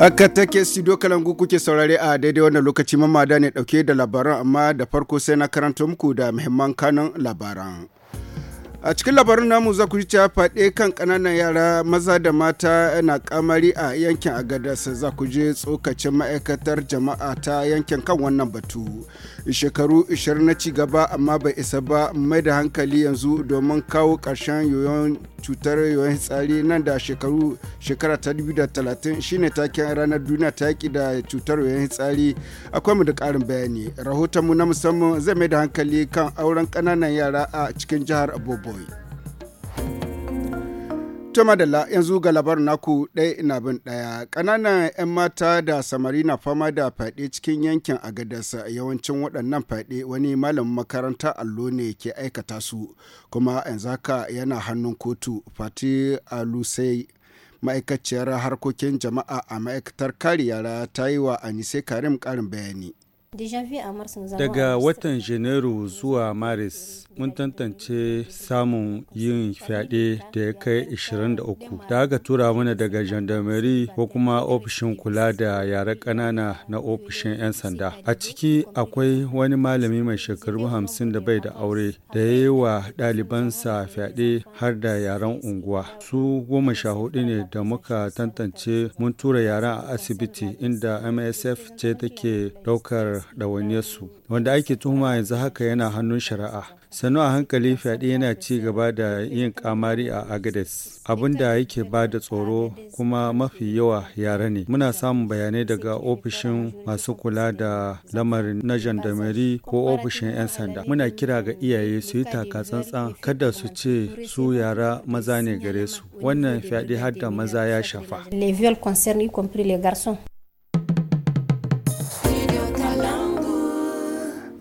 Aka take studio kalangu kuke saurare a daidai wannan lokaci mamada ne dauke da labaran amma da farko sai na karanta muku da muhimman kanan labaran. a cikin labarin namu za ku ji cewa faɗe kan ƙananan yara maza da mata na kamari a yankin agadarsa za ku je tsokacin ma'aikatar jama'a ta yankin kan wannan batu shekaru 20 na cigaba amma bai isa ba mai da hankali yanzu domin kawo ƙarshen yoyon cutar yoyon tsari nan da shekaru shekara ta 2030 shine taken ranar duniya ta yaƙi da cutar yoyon tsari akwai mu da ƙarin bayani rahoton mu na musamman zai mai da hankali kan auren ƙananan yara a cikin jihar abubuwa Boy. ta madalla yanzu ga labarin naku ɗaya ina bin ɗaya ƙananan 'yan mata da samari na fama da fyaɗe cikin yankin agadarsa yawancin waɗannan fyaɗe wani malamin makaranta allo ne ke aikata su kuma yanzu haka yana hannun kotu fati alusai ma'aikaciyar harkokin jama'a a ma'aikatar kare yara ta yi wa anise karim ƙarin bayani Daga watan Janairu zuwa Maris mun tantance samun yin fyaɗe da ya kai 23 da aka tura mana daga gendarmerie ko kuma ofishin kula da yara ƙanana na ofishin 'yan sanda. A ciki akwai wani malami mai shekaru 50 da bai da aure da ya yi wa ɗalibansa fyaɗe har da yaran unguwa. Su goma sha hudu ne da muka tantance mun tura yaran a asibiti inda MSF ce take ɗaukar ɗaukar wanda ake tuhuma yanzu haka yana hannun shari'a sannu a hankali fyaɗe yana ci gaba da yin kamari a agades abin da yake ba da tsoro kuma mafi yawa yare ne muna samun bayanai daga ofishin masu kula da lamarin na jandamari ko ofishin 'yan sanda muna kira ga iyaye su yi taka-tsantsan kada su ce su yara maza ne gare su wannan fyaɗe har maza ya shafa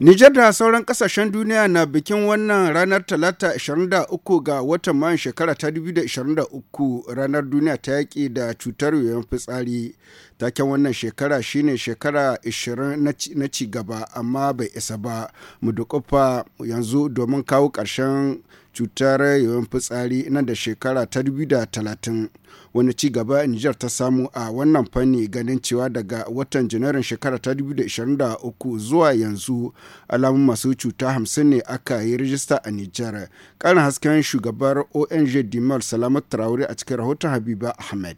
Nijar da sauran kasashen duniya na bikin wannan ranar talata 23 ga watan mayan shekara ta 2023 ranar duniya ta yaƙi da cutar yoyon fitsari. Taken wannan shekara shine shekara 20 na ci amma bai isa ba mu dukufa yanzu domin kawo ƙarshen cutar yawan fitsari na da shekara ta talatin wani ci gaba Nijar ta samu a wannan fanni ganin cewa daga watan janairun shekara ta 2023 zuwa yanzu alamun masu cuta hamsin ne aka yi rijista a Nijar. Karin hasken shugabar ONG Dimal Salamat Traore a cikin rahoton Habiba Ahmed.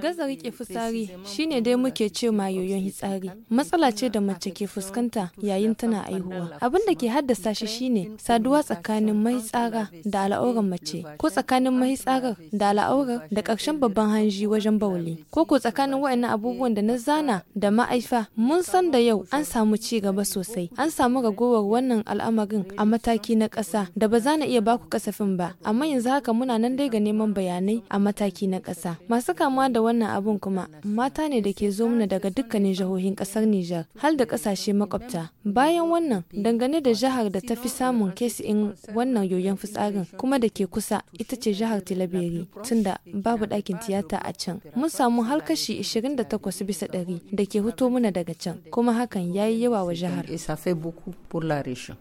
Gaza rike fitsari shine dai muke ce ma yoyon hitsari. Matsala ce da mace ke fuskanta yayin tana aihuwa. Abin da ke haddasa shi shine saduwa tsakanin tsara da al'auran mace ko tsakanin tsarar da al'aurar da ƙarshen babban hanji wajen bauli ko ko tsakanin waɗannan abubuwan da na zana da ma'aifa mun san da yau an samu ci gaba sosai an samu ragowar wannan al'amarin a mataki na ƙasa da ba za na iya baku kasafin ba amma yanzu haka muna nan dai ga neman bayanai a mataki aiki na ƙasa. Masu kama da wannan abun kuma mata ne da ke zo mana daga dukkanin jihohin ƙasar Nijar har da ƙasashe makwabta. Bayan wannan dangane da jihar da ta fi samun kesi in wannan yoyon fitsarin kuma da ke kusa ita ce jihar Tilaberi tunda babu ɗakin tiyata a can. Mun samu har kashi 28 bisa ɗari da ke hito mana daga can kuma hakan ya yi yawa wa jihar.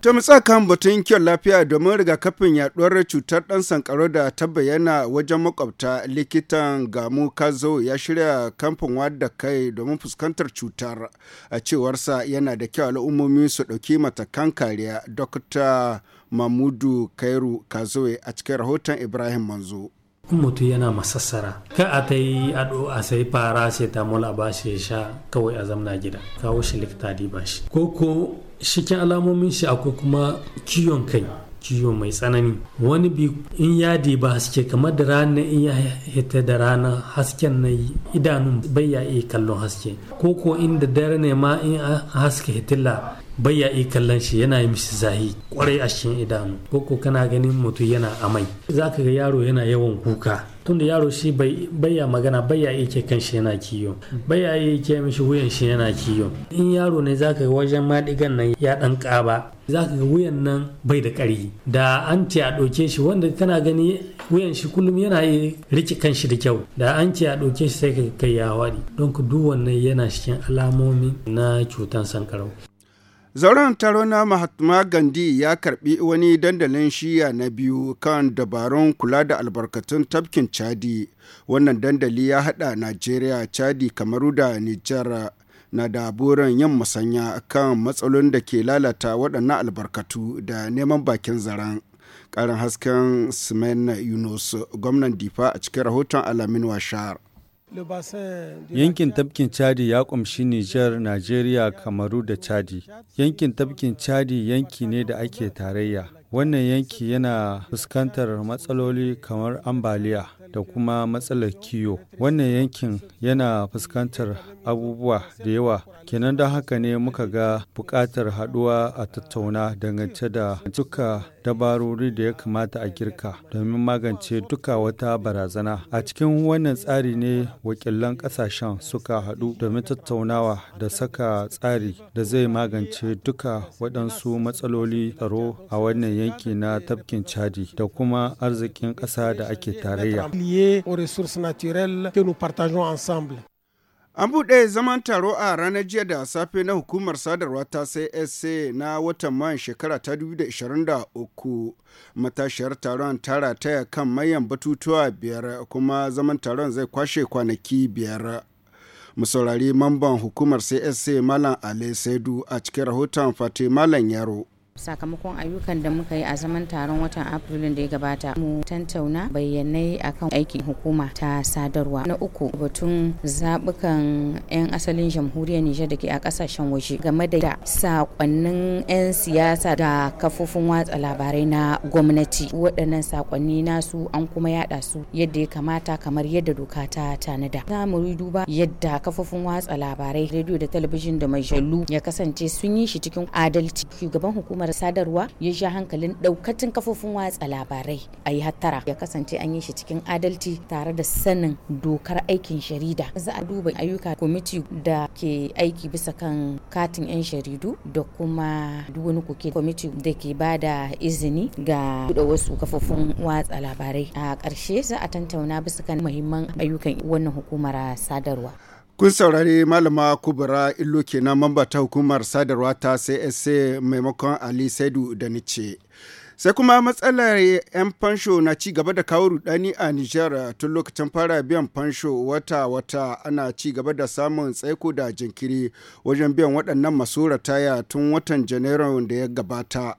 Ta mutsakan batun kyau lafiya domin rigakafin yaɗuwar cutar ɗan sankaro da ta bayyana wajen makwabta likitan gamu kazo ya shirya kamfan wadda kai domin fuskantar cutar a cewarsa yana da kyau al'ummomi su ɗauki matakan kariya dr mamudu kairu kazo a cikin rahoton ibrahim manzo in yana masassara ka a ta yi ado a sai ta mula bashi ya sha kawai a zamna gida kawo shi likita di shi ko ko shikin alamomin shi akwai kuma kiyon kai ciwo mai tsanani wani bi in ya ba haske kamar da rana in ya hita da rana hasken na idanun bai ya iya kallon haske ko ko da dare ne ma in haske hitila bai ya iya kallon shi yana yi mishi zahi kwarai a cikin idanu ko ko kana ganin mutum yana amai za ka ga yaro yana yawan kuka tunda yaro shi bai baya magana bayya yake kan shi yana kiyo yi yake mishi wuyan shi yana kiyo in yaro ne zaka ga wajen madigan nan ya dan kaba zaka ga wuyan nan bai da ƙari da an ce a ɗauke shi wanda kana gani wuyan shi kullum yana yi riƙe kan shi da kyau da an ce a ɗauke shi sai ka kai ya wadi don ku duk wannan yana cikin alamomi na cutan sankarau Zauren taro na Mahatma Gandhi ya karbi wani dandalin shiya na biyu kan dabarun kula da albarkatun tafkin Chadi. Wannan dandali ya haɗa Najeriya, Chadi, Kamaru da Nijar na da burin yin musanya kan matsalolin da ke lalata waɗannan albarkatu da neman bakin zaren. Ƙarin hasken Simen Yunus, gwamnan Difa a cikin rahoton Alamin Washar. Yankin tafkin Chadi ya ƙumshi Nijar, Najeriya, Kamaru da Chadi. Yankin tafkin Chadi yanki ne da ake tarayya. wannan yanki yana fuskantar matsaloli kamar ambaliya da kuma matsalar kiyo wannan yankin yana fuskantar abubuwa da yawa kenan don haka ne muka ga buƙatar haɗuwa a tattauna dangance da duka dabarori da ya kamata a girka domin magance duka wata barazana a cikin wannan tsari ne wakilan ƙasashen suka haɗu domin tattaunawa da saka tsari da zai magance duka waɗansu matsaloli tsaro a wannan yanki na tafkin Chadi da kuma arzikin ƙasa da ake tarayya. An buɗe zaman taro a ranar jiya da safe na hukumar sadarwa ta CSA na watan mayan shekara ta 2023 matashiyar taron tara taya kan mayan batutuwa biyar kuma zaman taron zai kwashe kwanaki biyar. Musaurari mamban hukumar CSA Malam Ale Saidu a cikin rahoton Fati Malam Yaro. sakamakon ayyukan da muka yi a zaman taron watan afrilun da ya gabata mu tantauna bayyanai akan aikin hukuma ta sadarwa na uku batun zabukan 'yan asalin jamhuriyar nijar da ke a kasashen waje game da sakonnin 'yan siyasa da kafofin watsa labarai na gwamnati waɗannan sakonni nasu an kuma yada su yadda ya kamata kamar yadda doka ta tanada za mu yi duba yadda kafofin watsa labarai rediyo da talabijin da majalu ya kasance sun yi shi cikin adalci shugaban hukumar kafar sadarwa ya sha hankalin daukacin kafofin watsa labarai a yi hattara ya kasance an yi shi cikin adalci tare da sanin dokar aikin jarida za a duba ayyuka kwamiti da ke aiki bisa kan katin 'yan jaridu da kuma duk wani kuke kwamiti da ke ba da izini ga da wasu kafofin watsa labarai a ƙarshe za a tantauna bisa kan muhimman ayyukan wannan hukumar sadarwa Kun saurari Malama Kubura Illo kenan mamba ta hukumar sadarwa ta CSA maimakon Ali Saidu da Nice. sai kuma matsalar 'yan fansho na ci gaba da kawo rudani a Nijar tun lokacin fara biyan fansho wata-wata ana ci gaba da samun tsaiko da jinkiri wajen biyan waɗannan masu rataya tun watan janairun da ya gabata.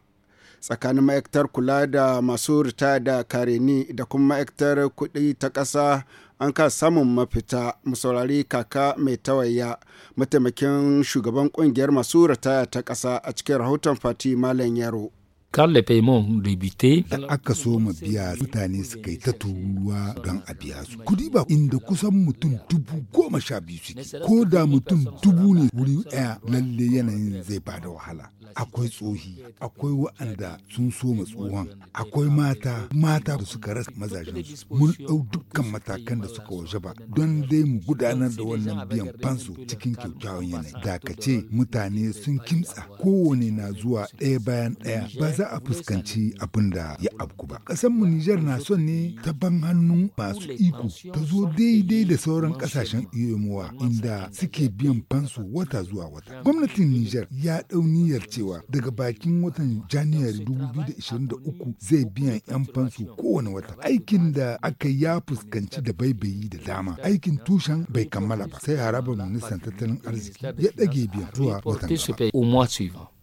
tsakanin ma'aikatar kula da masu ritaya da kareni da kuma ma'aikatar kuɗi ta ƙasa an ka samun mafita musaurari kaka mai tawaya mataimakin shugaban kungiyar masu rataya ta ƙasa a cikin rahoton fati malam yaro Karle le paiement da aka so mu biya mutane su kai ta turuwa don a biya su kudi ba inda kusan mutum dubu goma sha biyu suke ko da mutum dubu ne wuri ɗaya lalle yanayin zai ba da wahala akwai tsohi akwai wa'anda sun soma tsohon akwai mata mata da suka rasa mazajen mun ɗau dukkan matakan da suka waje ba don dai mu gudanar da wannan biyan fansu cikin kyakkyawan yanayi dakace mutane sun kimtsa kowane na zuwa ɗaya bayan ɗaya ba za a fuskanci abin da ya abku ba ƙasar mu nijar na son ne ta ban hannu masu iko ta zo daidai da sauran ƙasashen iyomowa inda suke biyan fansu wata zuwa wata gwamnatin nijar ya ɗau niyyar cewa daga bakin watan Janairu 2023 zai biya 'yan fansu kowane wata. Aikin da aka ya fuskanci da baibayi da dama. Aikin tushen bai kammala ba sai harabar ministan tattalin arziki ya ɗage biyan zuwa watan gaba.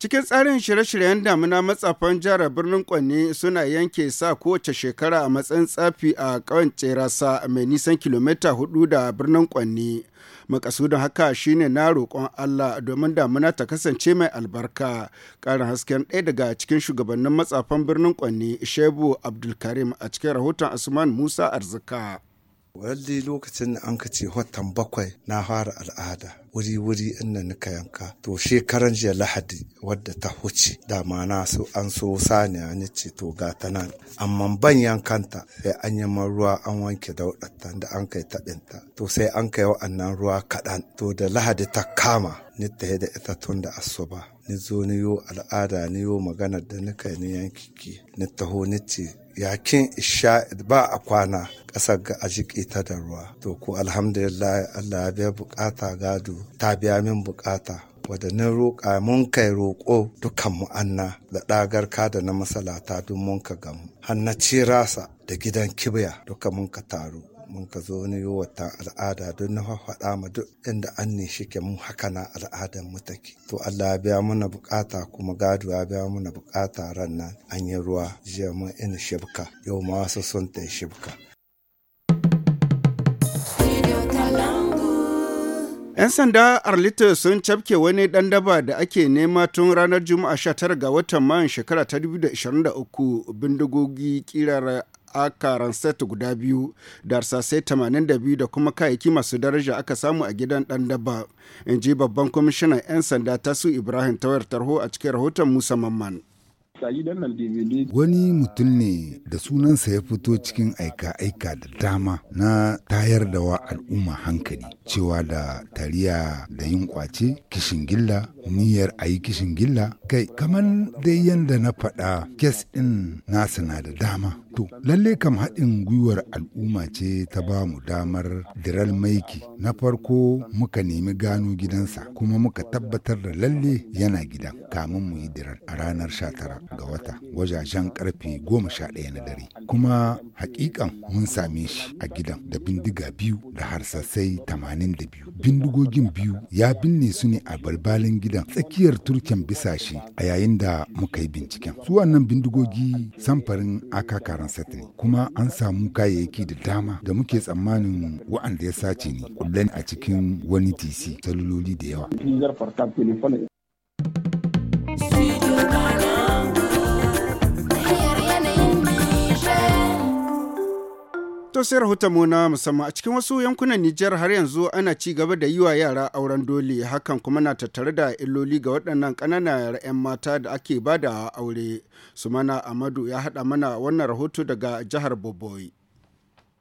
Cikin tsarin shirye-shiryen damuna matsafan jihar birnin Kwanne suna yanke sa kowace shekara a matsayin tsafi a ƙauyen Tserasa mai nisan kilomita hudu da birnin Kwanne. Makasudin haka shine na roƙon Allah domin damina ta kasance mai albarka. Ƙarin hasken ɗaya daga cikin shugabannin matsafan birnin Kwanne, Shebu Abdulkarim a cikin rahoton Usman Musa Arzika. lallai lokacin an ka ce watan bakwai na fara al'ada wuri-wuri inda nika yanka to shekaran jiya lahadi wadda ta huce dama na so an so saniya ne ce to ga ta nan amma ban yankanta sai an yi man ruwa an wanke da daudata da an kai taɗinta to sai an kai wa'annan ruwa kaɗan to da lahadi ta kama ni ta da ita tun da asuba ni zo ni yo al'ada ni yo magana, da nika ni yankiki ni taho ni ce yakin isha ba a kwana ƙasar ga ajiki ta da ruwa to ko alhamdulillah Allah ya biya bukata gado ta biya min bukata wadannan roƙa mun kai roƙo dukan mu anna da ɗagarka da na masalata duk mun ka gamu har na cirasa da gidan kibiya duka mun ka taru mun ka zo ni yi wata al'ada don na faɗa ma duk inda an ne shi mun haka na al'adar mu take to Allah ya biya mana bukata kuma gado ya biya mana bukata ran nan an yi ruwa jiya mun ina shibka yau ma wasu sun ta shibka 'Yan sanda Arlita sun cafke wani ɗan daba da ake nema tun ranar Juma'a 19 ga watan Mayun shekara ta 2023 bindigogi kirar aka set guda biyu da harsasai 82 da kuma kayayyaki masu daraja aka samu a gidan dan dabba in ji babban kwamishinan 'yan sanda tasu ibrahim tawar tarho a cikin rahoton musa mamman Wani mutum ne da sunansa ya fito cikin aika-aika da dama na tayar da wa al'umma hankali cewa da tariya da yin kwace, kishin gilla, niyyar a yi kishin gilla. Kai, kamar dai yadda na faɗa, kes ɗin nasa na da dama. To, lalle kam haɗin gwiwar al'umma ce ta ba mu damar diral maiki. Na farko muka nemi gano gidansa kuma muka tabbatar da lalle yana gidan kamin mu yi diral a ranar 19. ga wata wajajen karfe goma sha ɗaya na dare kuma hakikan mun same shi a gidan da bindiga biyu da harsasai tamanin da biyu bindigogin biyu ya binne su ne a balbalin gidan tsakiyar turken bisa shi. a yayin da muka yi binciken su wannan bindigogi samfarin aka karan ne kuma an samu kayayyaki da dama da muke tsammanin wa'anda ya sace ne kullen a cikin wani tc saluloli da yawa to sai rahotonmu na musamman a cikin wasu yankunan Nijar har yanzu ana ci gaba da yi wa yara auren dole hakan kuma na tattare da illoli ga waɗannan ƙananan 'yan mata da ake bada da aure. Sumana Amadu ya haɗa mana wannan rahoto daga jihar Boboi.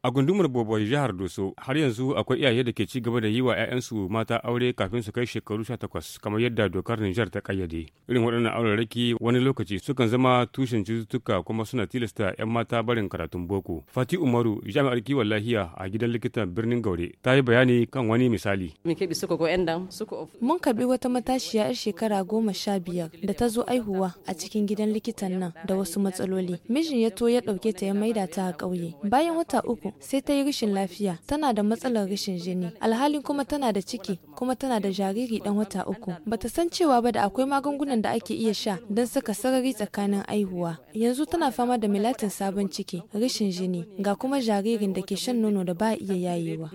A gundumar bobon jihar Doso har yanzu akwai iyaye da ke ci gaba da yi wa 'ya'yansu mata aure kafin su kai shekaru takwas kamar yadda dokar Nijar ta kayyade. Irin waɗannan auraraki wani lokaci sukan zama tushen cututtuka kuma suna tilasta 'yan mata barin karatun boko. Fati Umaru jami'ar kiwon lahiya a gidan likitan birnin Gaure ta yi bayani kan wani misali. Mun kabi wata matashiya 'yar shekara goma sha biyar da ta zo aihuwa a cikin gidan likitan nan da wasu matsaloli. Mijin ya to ya ɗauke ta ya maida ta a ƙauye. Bayan wata uku sai ta yi rashin lafiya tana da matsalar rashin jini alhalin kuma tana da ciki kuma tana da jariri dan wata uku bata san cewa ba da akwai magungunan da ake iya sha don saka sarari tsakanin aihuwa yanzu tana fama da milatin sabon ciki rashin jini ga kuma jaririn da ke shan nono da ba iya yayewa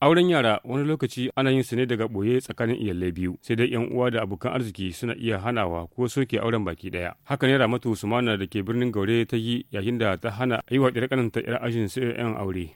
auren yara wani lokaci ana yin su ne daga boye tsakanin iyalai biyu sai dai yan uwa da abokan arziki suna iya hanawa ko soke auren baki daya haka ne ramatu usmana da ke birnin gaure ta yi yayin da ta hana aiwa ƙirƙanin ta 'yar ajin su 'yan aure.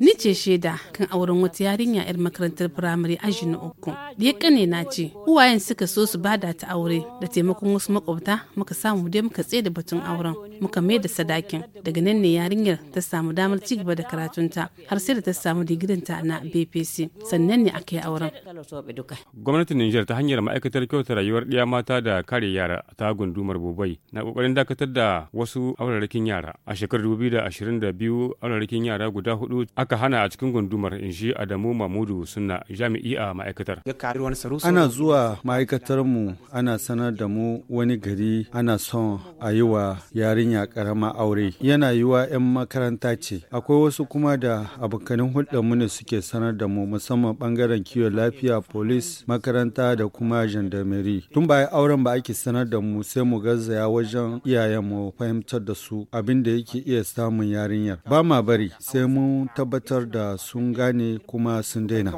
Ni ce shaida kan auren wata yarinya 'yar makarantar firamare aji na uku. Da ya na ce, uwayen suka so su bada ta aure da taimakon wasu makwabta muka samu dai muka tsaye da batun auren muka mai da sadakin. Daga nan ne yarinyar ta samu damar ci gaba da karatunta har sai da ta samu digirinta na BPC sannan ne aka yi auren. Gwamnatin Nijar ta hanyar ma'aikatar kyauta rayuwar ɗiya mata da kare yara ta gundumar Bobai na ƙoƙarin dakatar da wasu aurarrakin yara a shekarar 2022 wasu yara guda hudu aka hana a cikin gundumar in shi Adamu Mahmudu suna jami'i a ma'aikatar. Ana zuwa ma'aikatar mu ana sanar da mu wani gari ana son a yi wa yarinya karama aure. Yana yiwa 'yan makaranta ce. Akwai wasu kuma da abokanin hulɗar mu ne suke sanar da mu musamman bangaren kiwon lafiya, polis, makaranta da kuma gendarmerie. Tun bayan auren ba ake sanar da mu sai mu gazzaya wajen iyayen mu fahimtar da su abin da yake iya samun yarinyar. ba ma bari sai mun tabbatar da sun gane kuma sun daina.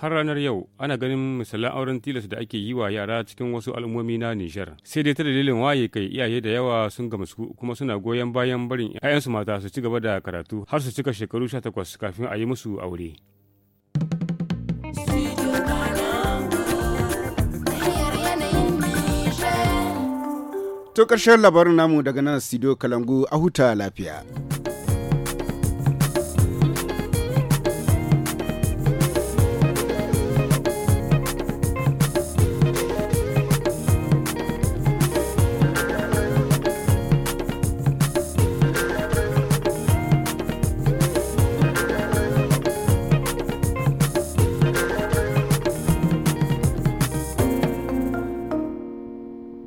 Har ranar yau ana ganin misalan auren tilas da ake yi wa yara cikin wasu al'ummomi na Nijar. Sai dai ta dalilin waye kai iyaye da yawa sun gamsu kuma suna goyon bayan barin 'ya'yansu mata su ci gaba da karatu har su cika shekaru 18 kafin a yi musu aure. To ƙarshen labarin namu daga nan Sido Kalangu a huta lafiya.